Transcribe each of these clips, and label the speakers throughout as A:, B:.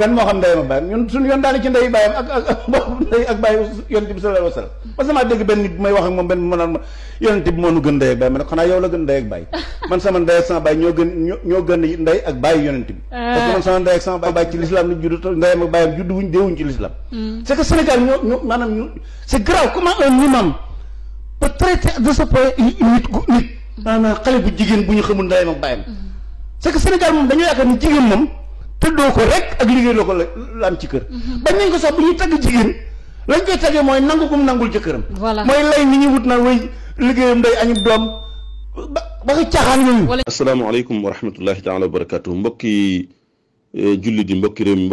A: kan moo xam ndeyam ak bàyyam ñun suñu yoon daane ci ndey bàyyam bàyyi yonent bi sallallahu alayhi ma yonent bi moo nu gën ndey ak bàyyi ma ne Sénégal maanaam ñu c'est grave comment un imam peut traiter de ce point nit nit xale bu jigéen bu ñu xamul ndeyam ak bàyyam hmm. c'est que Sénégal moom dañoo yaakaar ni jigéen moom tëddoo ko rek ak liggéey loo ko la ci kër. Mhm. bañ nañ ko sax bu ñuy tagg jigéen lañ koy taggee mooy nangu gum nangul jëkkëram. voilà mooy lay ni ñuy wut naan way liggéeyam day añub doom ba ba ko caaxaan yooyu.
B: Eh, yi mbokki réew mi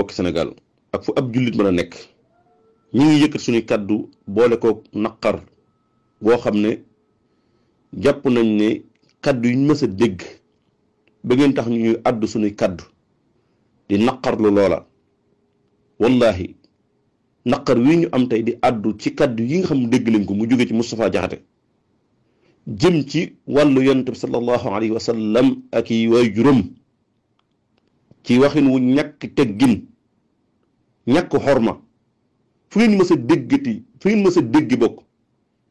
B: ak fu ab nekk ñu ngi yëkkat suñu kàddu boole ko naqar woo xam ne jàpp nañ ne kàddu yi ñu mës a dégg ba ngeen tax ñu ñuy àddu suñuy kàddu. di naqarlu loola wallahi naqar wii ñu am tey di àddu ci kàddu yi nga xam dégg nañ ko mu jóge ci Moustapha Jaxate jëm ci wàllu yonent bi sallallahu alayhi wa sallam ak yi waay juróom ci waxin wu ñàkk teggin ñàkk xorma fu ngeen mës a déggati fu ngeen mës a dégg bokk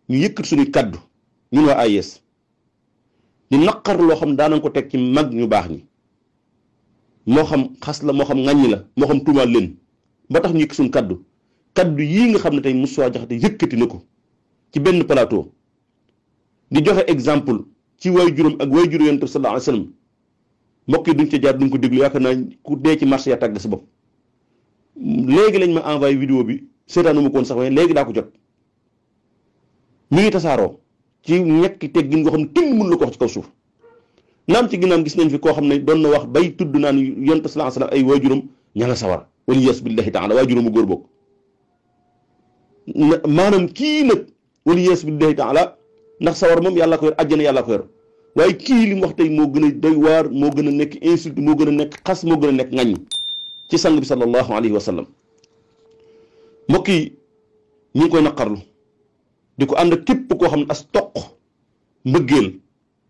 B: ñu yëkkat suñu kaddu ñun waa AIS di naqar loo xam daanañ ko teg ci mag ñu baax ñi moo xam xas la moo xam ŋàññi la moo xam tuumaal leen ba tax ñu suñ kaddu kaddu yii nga xam ne tey Moustapha Diakhaté yëkkati na ko ci benn palaato di joxe exemple ci way juróom ak way juróom yonent bi sallallahu alayhi wa mbokk yi duñ ca jaar duñ ko déglu yaakaar naa ku dee ci marché ya tàgg sa bopp léegi lañ ma envoyé vidéo bi seetaanu ma ko woon sax waaye léegi daa ko jot mu ngi tasaaroo ci ñekk teggin goo xam ne kenn mënu la ko wax ci kaw suuf naam ci ginnaaw gis nañ fi koo xam ne doon na wax bay tudd naan yonent sallallahu alayhi wasallam ay waajuram ña nga sawar wala yas billahi taala waajuramu góor boog maanaam kii nag wala yas billahi taala ndax sawar moom yàlla ko yor àjjana yàlla ko yor waaye kii li mu wax moo gën a day waar moo gën a nekk insulte moo gën a nekk xas moo gën a nekk ŋaññi ci sang bi sallallahu alayhi wa sallam mbokk yi ñu ngi koy naqarlu di ko ànd képp koo xam ne as toq mbëggeel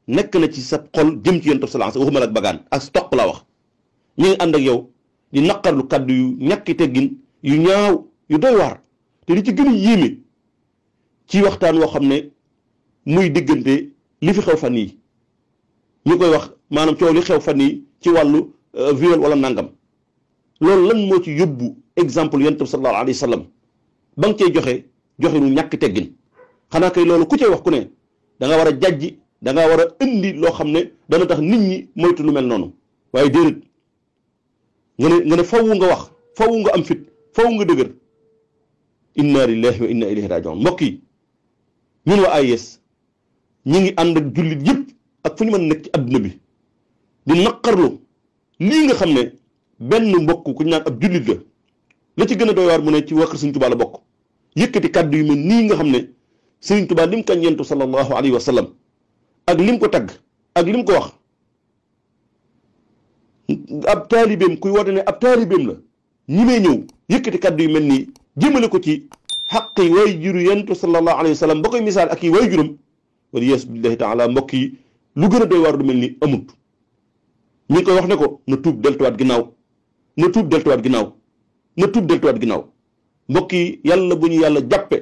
B: nekk na ci sa xol jëm ci yonent salaam waxuma la ak bagaan ak stock laa wax ñu ngi ànd ak yow di naqarlu kàddu yu ñàkki teggin yu ñaaw yu doy waar te li ci gën a yéeme ci waxtaan woo xam ne muy diggante li fi xew fan yi ñu koy wax maanaam coow li xew fan yi ci wàllu euh, viol wala nangam loolu lan moo ci yóbbu exemple yonent bi sallallahu alayhi wa sallam ba nga cey joxe joxe nu ñàkki teggin xanaa kay loolu ku cey wax ku ne danga war a jàjji danga war a indi loo xam ne dana tax nit ñi moytu lu mel noonu waaye déedéet nga ne nga ne faww nga wax faww nga am fit faww nga dëgër inna lillahi wa inna ilayhi rajiun mbokk yi ñun ay AIS ñi ngi ànd ak jullit yëpp ak fu ñu mën a nekk ci adduna bi di naqarlu lii nga xam ne benn mbokk ku ñu naan ab jullit la la ci gën a doy waar mu ne ci waa kër Sëriñ Tuubaa la bokk yëkkati kàddu yu mel nii nga xam ne Sëriñ Tuubaa lim kañ yentu sallallahu alayhi wa sallam ak lim ko tagg ak lim ko wax ab taalibeem kuy woote ne ab taalibeem la ñi may ñëw yëkkati kàddu yu mel nii jëmale ko ci xaq yi way juru yentu sallallahu alayhi wa sallam ba koy misaal ak yi way juram wal yees billahi taala mbokk yi lu gën a doy waar lu mel ni amut ñu koy wax ne ko na tuub deltuwaat ginnaaw na tuub deltuwaat ginnaaw na tuub deltuwaat ginnaaw mbokk yi yàlla bu ñu yàlla jàppe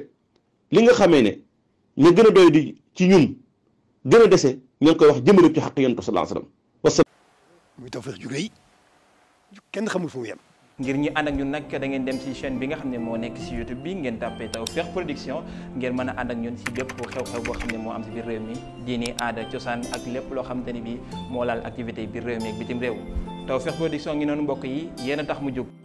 B: li nga xamee ne ñu gën a doy di ci ñun gën a dese ñu ngi koy wax jëmale ci xaq yonent bi sallallahu alayhi wasallam.
C: muy tawfeex ju rëy kenn xamul fu mu ngir ñi ànd ak ñun nag da ngeen dem ci chaine bi nga xam ne moo nekk ci YouTube bi ngeen tàppee Tawfekh Production ngeen mën a ànd ak ñun ci bépp xew-xew boo xam ne moo am ci biir réew mi diini aada cosaan ak lépp loo xamante ni bi moo laal activité biir réew mi ak bitim réew Tawfekh Production ngi noonu mbokk yi yéen a tax mu jóg.